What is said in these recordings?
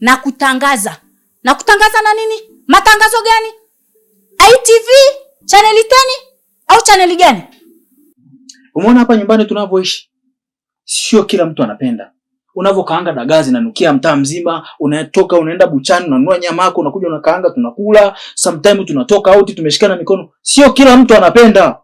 na kutangaza. Na kutangaza na nini? Matangazo gani? ITV, chaneli teni au chaneli gani? Umeona hapa nyumbani tunavyoishi, sio kila mtu anapenda unavyokaanga dagaa zinanukia mtaa mzima. Unatoka unaenda buchani, unanunua nyama yako, unakuja unakaanga, tunakula. Sometimes tunatoka out tumeshikana mikono, sio kila mtu anapenda,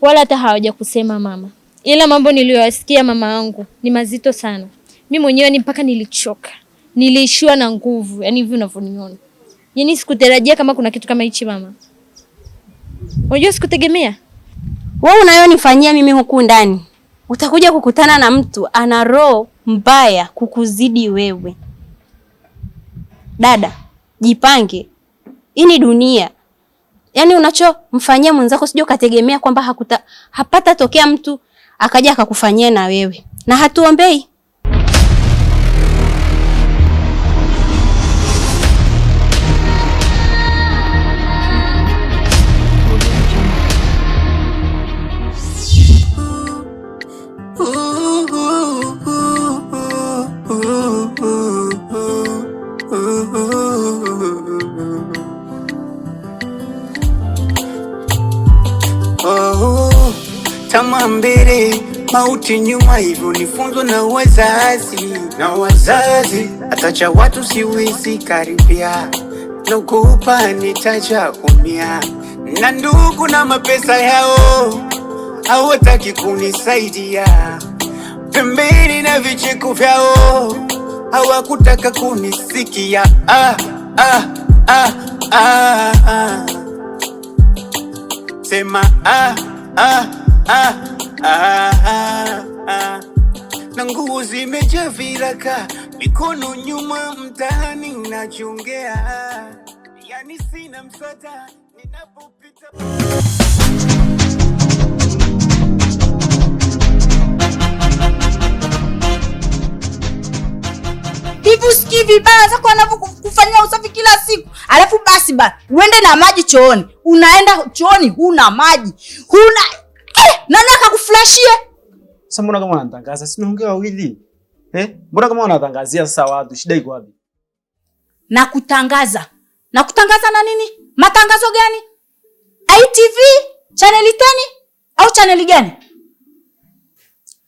wala hata hawaja kusema mama, ila mambo niliyoyasikia mama wangu ni mazito sana, mi mwenyewe ni mpaka nilichoka niliishiwa na nguvu, yani hivi unavyoniona. Yani sikutarajia kama kuna kitu kama hichi mama. Unajua sikutegemea. Wewe unayonifanyia mimi huku ndani, utakuja kukutana na mtu ana roho mbaya kukuzidi wewe. Dada, jipange. Hii ni dunia. Yaani unachomfanyia mwenzako sijui ukategemea kwamba hakuta hapata tokea mtu akaja akakufanyia na wewe. Na hatuombei urudi nyuma hivyo nifunzwe na wazazi na wazazi, atacha watu siwezi karibia, ni tacha umia, na ndugu na mapesa yao hawataki kunisaidia, pembeni na vicheko vyao hawakutaka kunisikia. ah, ah, ah, ah, ah. Sema ah, ah, ah. Ah, ah, ah. Na nguo zimejaa viraka, mikono nyuma, mtaani nachongea, yani sina msada ninapopita hivi usikii vibaya zako wanavyokufanyia usafi kila siku, alafu basi ba uende na maji chooni. Unaenda chooni huna maji, huna Eh, nani akakuflashie? Sasa mbona kama unatangaza? Si tunaongea wawili. Eh? Mbona kama unatangazia sasa watu? Shida iko wapi? Na kutangaza. Na nini? Matangazo gani? ITV, chaneli 10 au chaneli gani?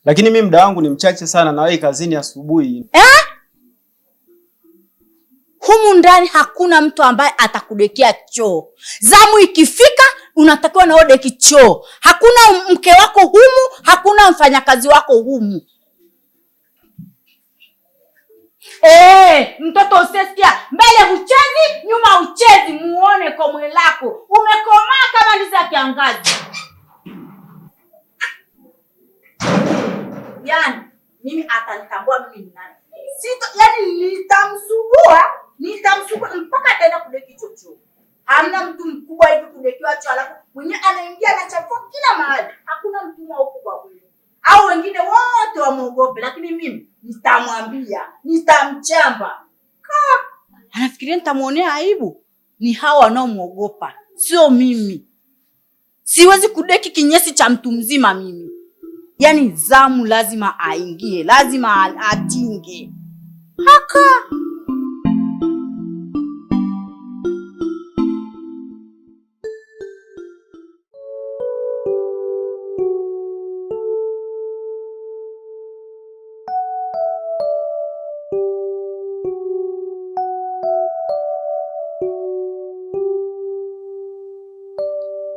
Lakini mi muda wangu ni mchache sana nawai kazini asubuhi. Eh? Humu ndani hakuna mtu ambaye atakudekea choo. Zamu ikifika unatakiwa na ode kichoo hakuna mke wako humu hakuna mfanyakazi wako humu Hey, eh, mtoto usesikia mbele huchezi nyuma uchezi, muone komwe lako umekomaa kama ndizi ya kiangazi. Yani mimi atanitambua mimi ni nani? Sito, yani nitamsugua nitamsugua mpaka ataenda kule kichochoo. Hamna mtu mkubwa hivi kudekiwacho, alafu mwenyewe anaingia anachafua kila mahali. Hakuna mtumwa huko kwa kweli, au wengine wote wamwogope, lakini mimi nitamwambia, nitamchamba. Anafikiria nitamwonea aibu? Ni hawa wanaomwogopa, sio mimi. Siwezi kudeki kinyesi cha mtu mzima mimi. Yaani zamu lazima aingie, lazima atinge haka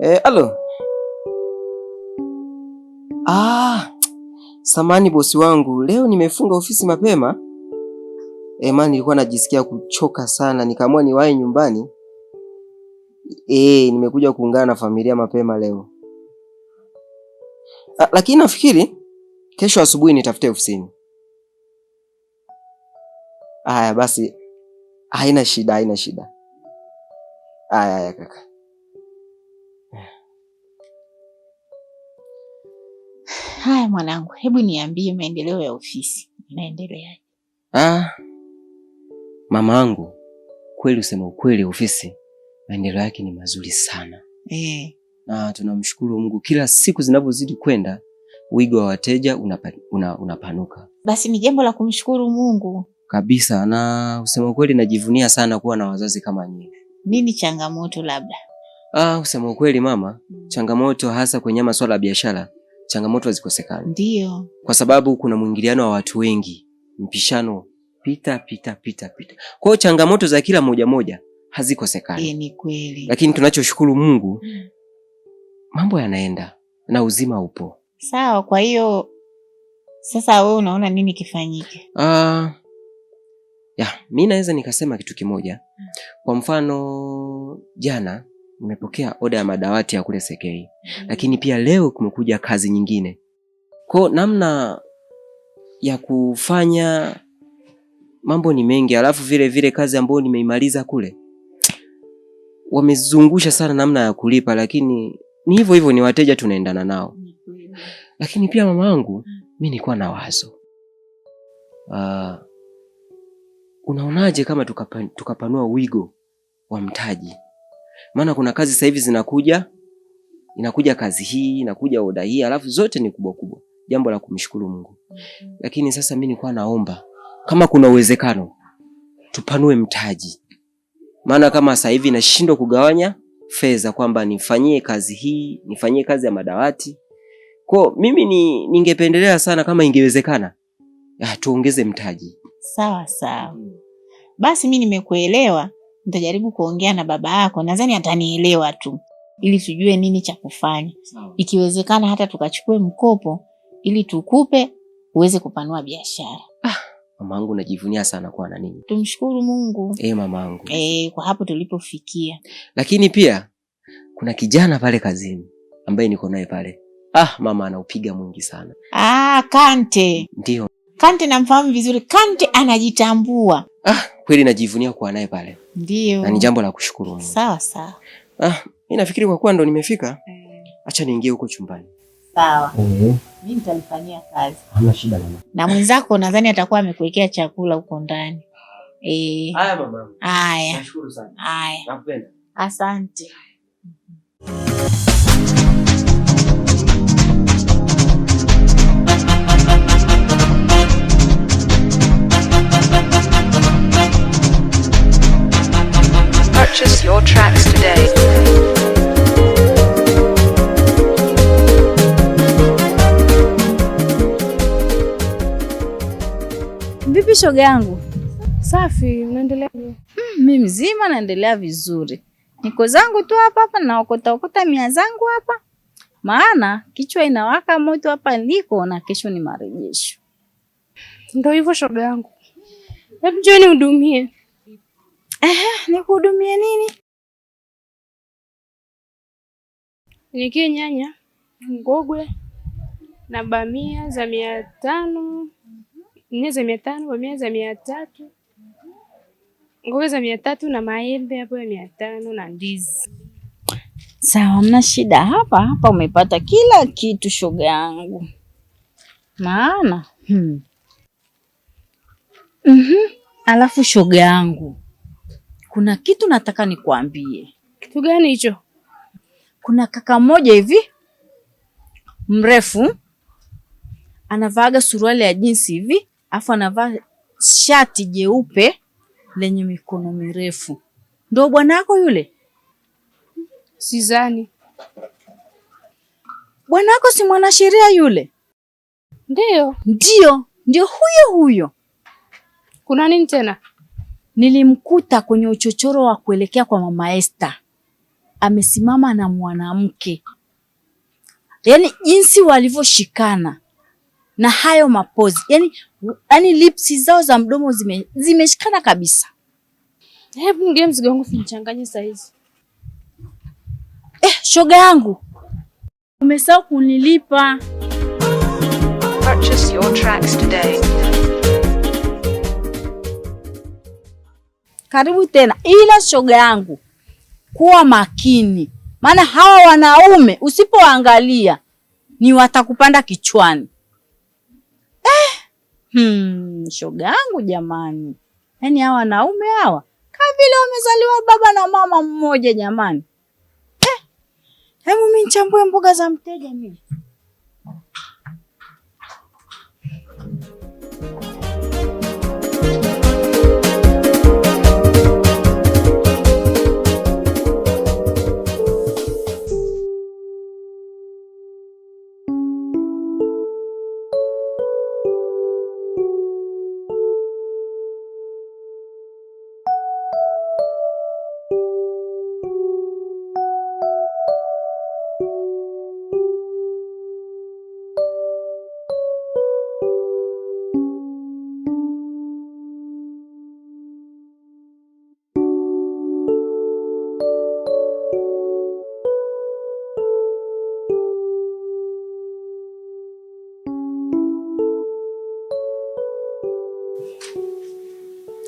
Eh, alo. Ah, samani bosi wangu, leo nimefunga ofisi mapema. Eh, maana nilikuwa najisikia kuchoka sana, nikaamua niwahi nyumbani. Eh, nimekuja kuungana na familia mapema leo. A, ah, lakini nafikiri kesho asubuhi nitafute ofisini. aya basi, haina shida, haina shida. Haya kaka. Haya mwanangu, hebu niambie maendeleo ya ofisi inaendelea? Ah, mama angu, kweli usema ukweli, ofisi maendeleo yake ni mazuri sana eh. Na tunamshukuru Mungu, kila siku zinavyozidi kwenda wigo wa wateja unapanuka, una basi ni jambo la kumshukuru Mungu kabisa, na usema ukweli najivunia sana kuwa na wazazi kama nyinyi. Nini changamoto labda? Ah, usema ukweli mama, hmm. changamoto hasa kwenye masuala ya biashara changamoto hazikosekani, ndio kwa sababu kuna mwingiliano wa watu wengi, mpishano pita pita pita pita. Kwa hiyo changamoto za kila moja moja hazikosekani. Ni kweli, lakini tunachoshukuru Mungu, hmm. mambo yanaenda na uzima upo. Sawa, kwa hiyo sasa wewe unaona nini kifanyike? Ah, ya, mi naweza nikasema kitu kimoja. Hmm. Kwa mfano jana nimepokea oda ya madawati ya kule Sekei, mm-hmm. lakini pia leo kumekuja kazi nyingine. Kwa namna ya kufanya mambo ni mengi, alafu vile vile kazi ambayo nimeimaliza kule wamezungusha sana namna ya kulipa, lakini ni hivyo hivyo, ni wateja tunaendana nao. Lakini pia mama wangu, mm. mi nilikuwa na wazo uh, unaonaje kama tukapanua wigo wa mtaji maana kuna kazi sasa hivi zinakuja, inakuja kazi hii, inakuja oda hii, alafu zote ni kubwa kubwa. Jambo la kumshukuru Mungu. Lakini sasa mimi nilikuwa naomba kama kuna uwezekano tupanue mtaji, maana kama sasa hivi nashindwa kugawanya fedha kwamba nifanyie kazi hii, nifanyie kazi ya madawati. Kwa mimi ni, ningependelea sana kama ingewezekana ah, tuongeze mtaji. Sawa sawa, basi mimi nimekuelewa nitajaribu kuongea na baba yako, nadhani atanielewa tu, ili tujue nini cha kufanya. Ikiwezekana hata tukachukue mkopo ili tukupe uweze kupanua biashara. Ah, mamangu najivunia sana kuwa na nini. Tumshukuru Mungu. e, mamangu. e, kwa hapo tulipofikia. Lakini pia kuna kijana pale kazini ambaye niko naye pale. Ah, mama anaupiga mwingi sana. Ah, Kante. Ndio. Kante namfahamu vizuri, Kante anajitambua. Ah, kweli najivunia kuwa naye pale. Ndio. Na ni jambo la kushukuru. Sawa sawa. Ah, mimi nafikiri kwa kuwa ndo nimefika. Mm. Acha niingie huko chumbani. Sawa. Mm. Mimi nitalifanyia kazi. Hamna shida mama. Na mwenzako nadhani atakuwa amekuwekea chakula huko ndani. Eh. Haya mama. Haya. Nashukuru sana. Haya. Nakupenda. Asante. Vipi shoga yangu? Safi, naendelea Mm, mi mzima naendelea vizuri, niko zangu tu hapa hapa naokota okota mia zangu hapa, maana kichwa inawaka moto hapa niko na kesho ni marejesho. Ndio hivyo shoga yangu, hebu njoo nihudumie. Eh, nikuhudumie nini? nikie nyanya, ngogwe na bamia za mia tano, nyanya za mia tano, bamia za mia tatu, ngogwe za mia tatu na maembe hapo ya mia tano na ndizi. Sawa, mna shida hapa hapa, umepata kila kitu shoga yangu, maana hmm. mm -hmm. Alafu shoga yangu, kuna kitu nataka nikwambie. Kitu gani hicho? kuna kaka mmoja hivi mrefu anavaaga suruali ya jinsi hivi, afu anavaa shati jeupe lenye mikono mirefu. ndo bwanako yule? Sizani. Bwanako si mwanasheria yule? Ndio, ndio, ndio huyo huyo. Kuna nini tena? Nilimkuta kwenye uchochoro wa kuelekea kwa mama Esther amesimama na mwanamke, yaani jinsi walivyoshikana na hayo mapozi, yaani yaani lipsi zao za mdomo zime, zimeshikana kabisa. Hebu ngie mzigo wangu finichanganye saa Eh, shoga yangu umesahau kunilipa. Purchase your tracks today. Karibu tena, ila shoga yangu kuwa makini, maana hawa wanaume usipoangalia ni watakupanda kichwani. Eh, hmm, shoga yangu jamani, yaani hawa wanaume hawa kama vile wamezaliwa baba na mama mmoja jamani. Eh, hebu mimi nichambue mboga za mteja mimi.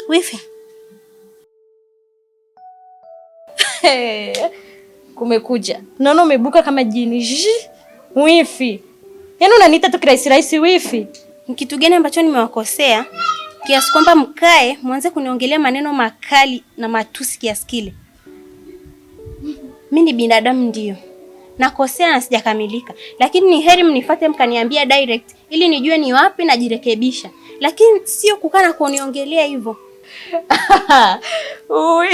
Wifi. kumekuja. Naona umebuka kama jini. Wifi. Yaani unaniita tu kirahisi rahisi wifi. Ni kitu gani ambacho nimewakosea kiasi kwamba mkae mwanze kuniongelea maneno makali na matusi kiasi kile? Mi ni binadamu ndio. Nakosea na sijakamilika, lakini ni heri mnifate mkaniambia direct ili nijue ni wapi najirekebisha, lakini sio kukaa na kuniongelea hivyo. Ui.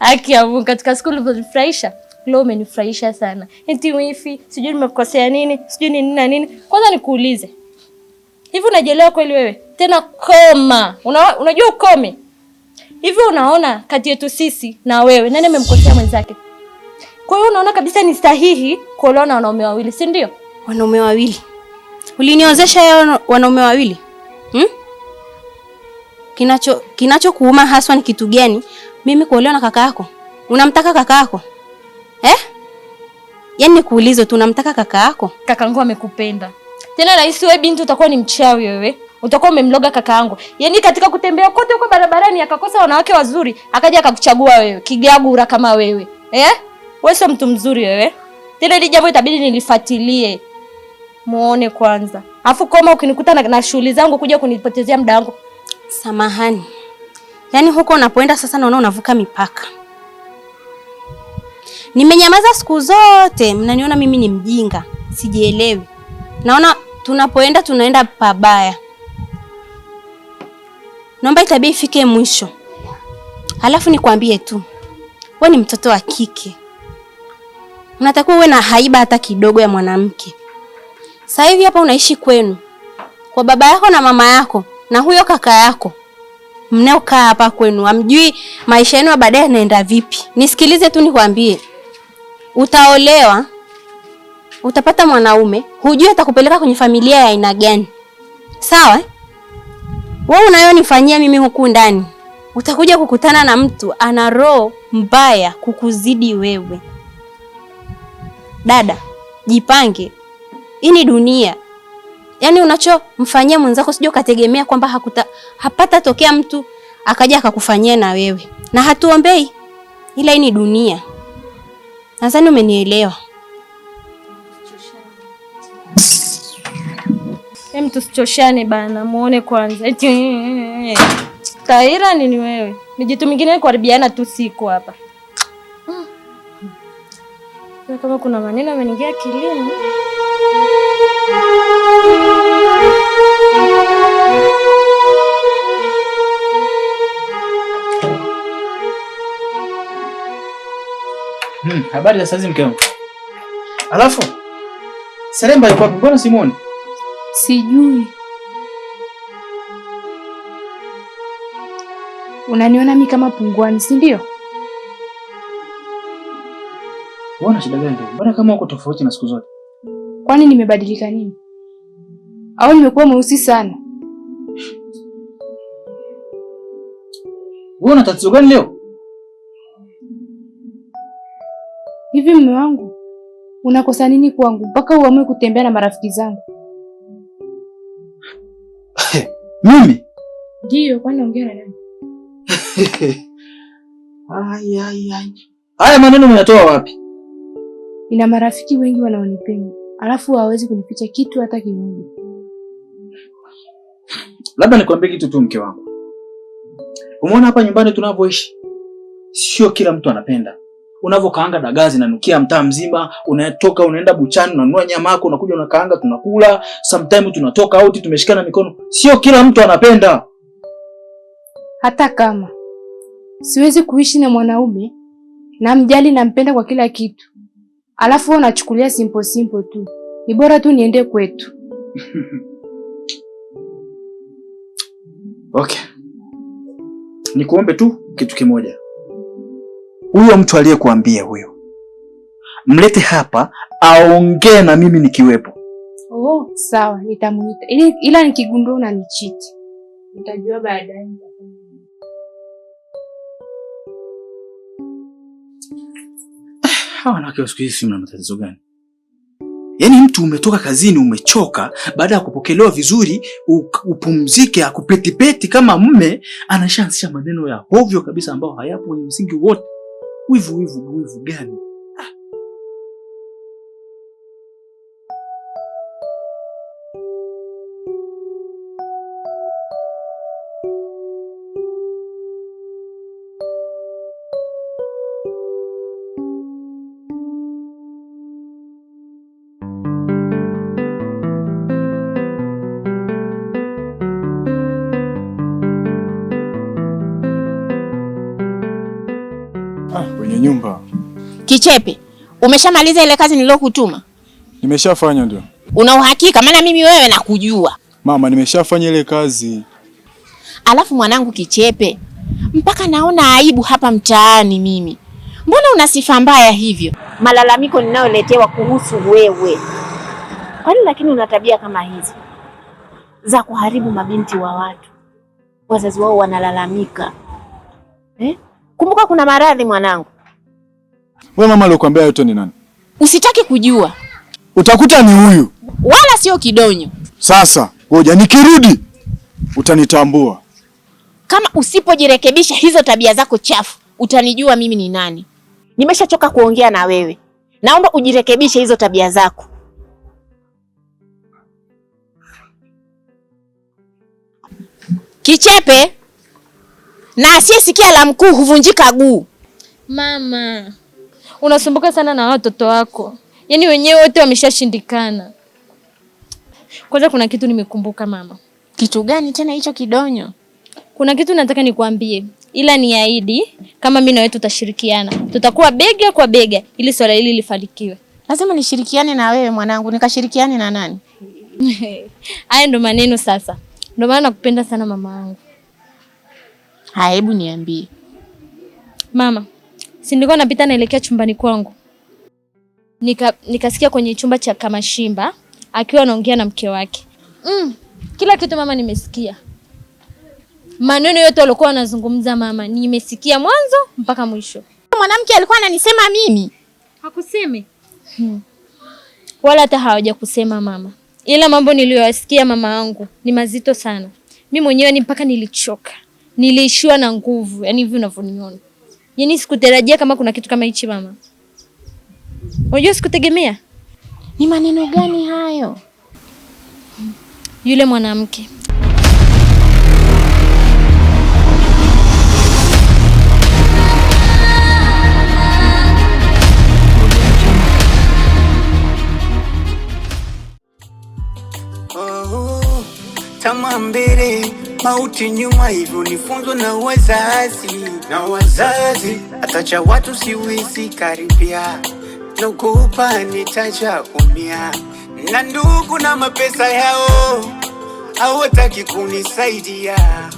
Aki ya Mungu, katika siku ulivyonifurahisha leo umenifurahisha sana. Eti wifi, sijui nimekukosea nini, sijui ni nini na nini. Kwanza nikuulize. Hivi unajielewa kweli wewe? Tena koma. Una, unajua ukome. Hivi unaona kati yetu sisi na wewe nani amemkosea mwenzake? Kwa hiyo unaona kabisa ni sahihi kuolewa na wanaume wawili, si ndio? Wanaume wawili. Uliniozesha yeye wanaume wawili? Hmm? kinacho kinachokuuma haswa ni kitu gani? Mimi kuolewa na kaka yako? Unamtaka kaka yako eh? Yaani nikuulize tu, unamtaka kaka yako? Kakaangu amekupenda tena rahisi. Wewe binti utakuwa ni mchawi wewe, utakuwa umemloga kaka yangu. Yaani katika kutembea kote huko barabarani akakosa wanawake wazuri, akaja akakuchagua wewe, kigagura kama wewe eh? Wewe sio mtu mzuri wewe. Tena ile jambo itabidi nilifuatilie muone kwanza, afu kama ukinikuta na, na shughuli zangu kuja kunipotezea muda wangu Samahani, yaani huko unapoenda sasa naona unavuka mipaka. Nimenyamaza siku zote, mnaniona mimi ni mjinga, sijielewi. Naona tunapoenda tunaenda pabaya. Naomba itabii ifike mwisho. alafu nikwambie tu, we ni mtoto wa kike, unatakiwa uwe na haiba hata kidogo ya mwanamke. Sasa hivi hapa unaishi kwenu kwa baba yako na mama yako na huyo kaka yako mnaokaa hapa kwenu, amjui maisha yenu ya baadaye yanaenda vipi? Nisikilize tu nikwambie, utaolewa, utapata mwanaume, hujui atakupeleka kwenye familia ya aina gani, sawa? Wewe unayonifanyia mimi huku ndani, utakuja kukutana na mtu ana roho mbaya kukuzidi wewe. Dada, jipange, hii ni dunia Yaani unachomfanyia mwenzako sijui ukategemea kwamba hakuta hapata tokea mtu akaja akakufanyia na wewe. Na hatuombei ila hii ni dunia. Nadhani umenielewa. Hem, tusichoshane bana, muone kwanza. Taira nini wewe? Ni jitu mingine kuharibiana tu siku hapa. Hmm. Kama kuna maneno ameniingia kilini. Hmm, habari za sazi mke wangu. Alafu Selemba yuko wapi? Mbona simuoni? Sijui. Unaniona mimi kama pungwani si ndio? Unaona shida gani? Mbona kama uko tofauti na siku zote? Kwani nimebadilika nini? Au nimekuwa mweusi sana? Wewe una tatizo gani leo? Hivi mume wangu, unakosa nini kwangu mpaka uamue kutembea na marafiki zangu? Mimi? Ndio, kwani ongea na nani? Ai ai ai. Haya maneno mnatoa wapi? ina marafiki wengi wanaonipenda alafu hawezi kunificha kitu hata kimoja. Labda nikwambie kitu tu, mke wangu, umeona hapa nyumbani tunavyoishi, sio kila mtu anapenda unavyokaanga dagaa zinanukia mtaa mzima. Unatoka unaenda buchani, unanunua nyama yako, unakuja unakaanga, tunakula. Sometimes tunatoka out tumeshikana mikono, sio kila mtu anapenda. Hata kama siwezi kuishi na mwanaume na mjali, nampenda kwa kila kitu, Alafu wewe unachukulia simple simple tu, ni bora tu niende kwetu. Okay, nikuombe tu kitu kimoja, huyo mtu aliyekuambia huyo, mlete hapa aongee na mimi nikiwepo. Oh, sawa, nitamuita ila nikigundua unanichiti nitajua baadaye. hawa wanawake wa siku hizi si mna matatizo gani? Yaani mtu umetoka kazini umechoka, baada ya kupokelewa vizuri upumzike, akupetipeti kama mme, anashaanzisha maneno ya hovyo kabisa ambayo hayapo kwenye msingi wote. Wivu wivu wivu gani? kwenye nyumba. Kichepe, umeshamaliza ile kazi nilokutuma? Nimeshafanya. Ndio una uhakika? Maana mimi wewe nakujua. Mama, nimeshafanya ile kazi. Alafu mwanangu Kichepe, mpaka naona aibu hapa mtaani mimi. Mbona una sifa mbaya hivyo? Malalamiko ninayoletewa kuhusu wewe. Kwani lakini una tabia kama hizi za kuharibu mabinti wa watu, wazazi wao wanalalamika eh? Kumbuka kuna maradhi mwanangu wewe mama aliyokuambia yote ni nani? Usitaki kujua. Utakuta ni huyu. Wala sio kidonyo. Sasa, ngoja nikirudi utanitambua. Kama usipojirekebisha hizo tabia zako chafu, utanijua mimi ni nani. Nimeshachoka kuongea na wewe. Naomba ujirekebishe hizo tabia zako. Kichepe na asiyesikia la mkuu huvunjika guu. Mama unasumbuka sana na watoto wako, yaani wenyewe wote wameshashindikana. Kwanza kuna kitu nimekumbuka mama. Kitu gani tena hicho kidonyo? Kuna kitu nataka nikuambie ila niahidi kama mimi na wewe tutashirikiana, tutakuwa bega kwa bega ili swala hili lifanikiwe. Lazima nishirikiane na wewe mwanangu. Nikashirikiane na nani? Haya ndo maneno sasa. Ndo maana nakupenda sana mama yangu. Haya, hebu niambie mama, si nilikuwa napita naelekea chumbani kwangu nika nikasikia kwenye chumba cha Kamashimba akiwa anaongea na mke wake. Mm, kila kitu mama, nimesikia maneno yote walikuwa wanazungumza mama, nimesikia mwanzo mpaka mwisho. Mwanamke alikuwa ananisema mimi, hakuseme hmm, wala hata hawaja kusema mama, ila mambo niliyoyasikia mama yangu ni mazito sana. Mi mwenyewe ni mpaka nilichoka, niliishiwa na nguvu, yani hivi unavyoniona. Yaani sikutarajia kama kuna kitu kama hichi mama. Unajua sikutegemea. Ni maneno gani hayo? Yule mwanamke oh, oh, oh. tamam mauti nyuma, hivyo nifunzo na wazazi na wazazi, atacha watu siwisi karibia, ni nitaja umia, na ndugu na mapesa yao hawataki kunisaidia,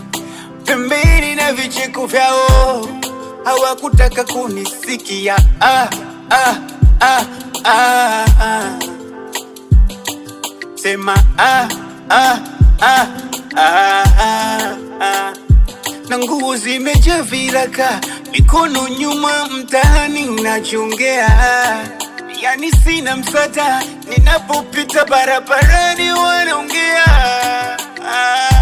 pembeni na vicheko vyao hawakutaka kunisikia. ah, ah, ah, ah, ah. Sema ah, ah, ah. Ah, ah, ah, Na nguo zimejaa viraka, mikono nyuma, mtaani nachongea, yani sina msata ninapopita barabarani wanaongea ah. ah.